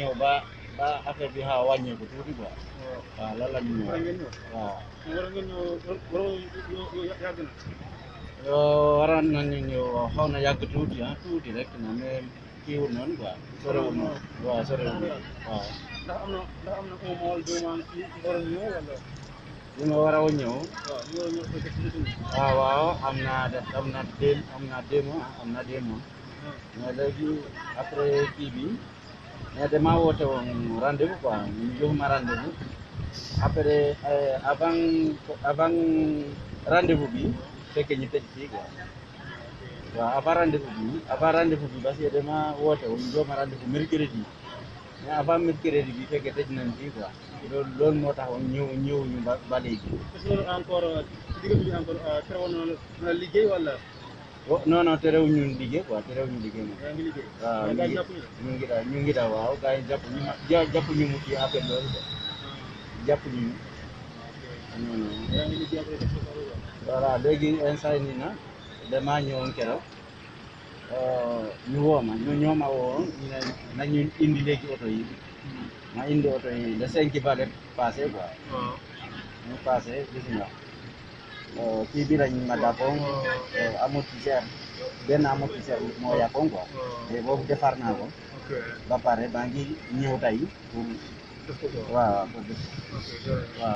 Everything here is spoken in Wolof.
ñëw ba ba affaire bi xaw a wàññeeku tuuti quoi. waaw loolu la ñu ñëw waaw. waroon na. waroon nañu ñëw xaw na yàgg tuuti ah tuuti rek na mais kii wul noonu quoi. sorewul noonu waaw sorewul noonu waaw. ndax am na ndax am na un na après bi dema wote on rendez-vous quoi min jofuma rendez-vous après avant avant rendez-vous bi fekke ñu tëj fii quoi waaw avant rendez-vous bi avant rendez-vous bi parce que dama woote woon jooma rendez-vous mercredi mais avant mercredi bi fekke tëj nañ fii quoi loolu loolu moo tax woon ñëw ñëw ñu ba ba léegi. que encore diggante bi encore terewoon wala non non terewul ñun liggéey quoi terewul ñu liggéey moom. waaw ñu ngi ñu ngi daal ñu ngi daal waaw gars yi jàpp ñu ma jàpp ñu mu kii affaire loolu quoi jàpp ñu ñu. non non. voilà léegi instant yii na damaa ñëwoon keroog ñu woo ma ñu ñoo ma ñu ne nañu indi léegi oto yi ma indi oto yi le cinq ba passé quoi. mu ah. passé gis nga qui bi lañ ma dabong amortisseur benn amortisseur moo yàqoon quoi te boobu ba pare baa ngi ñëw tey pour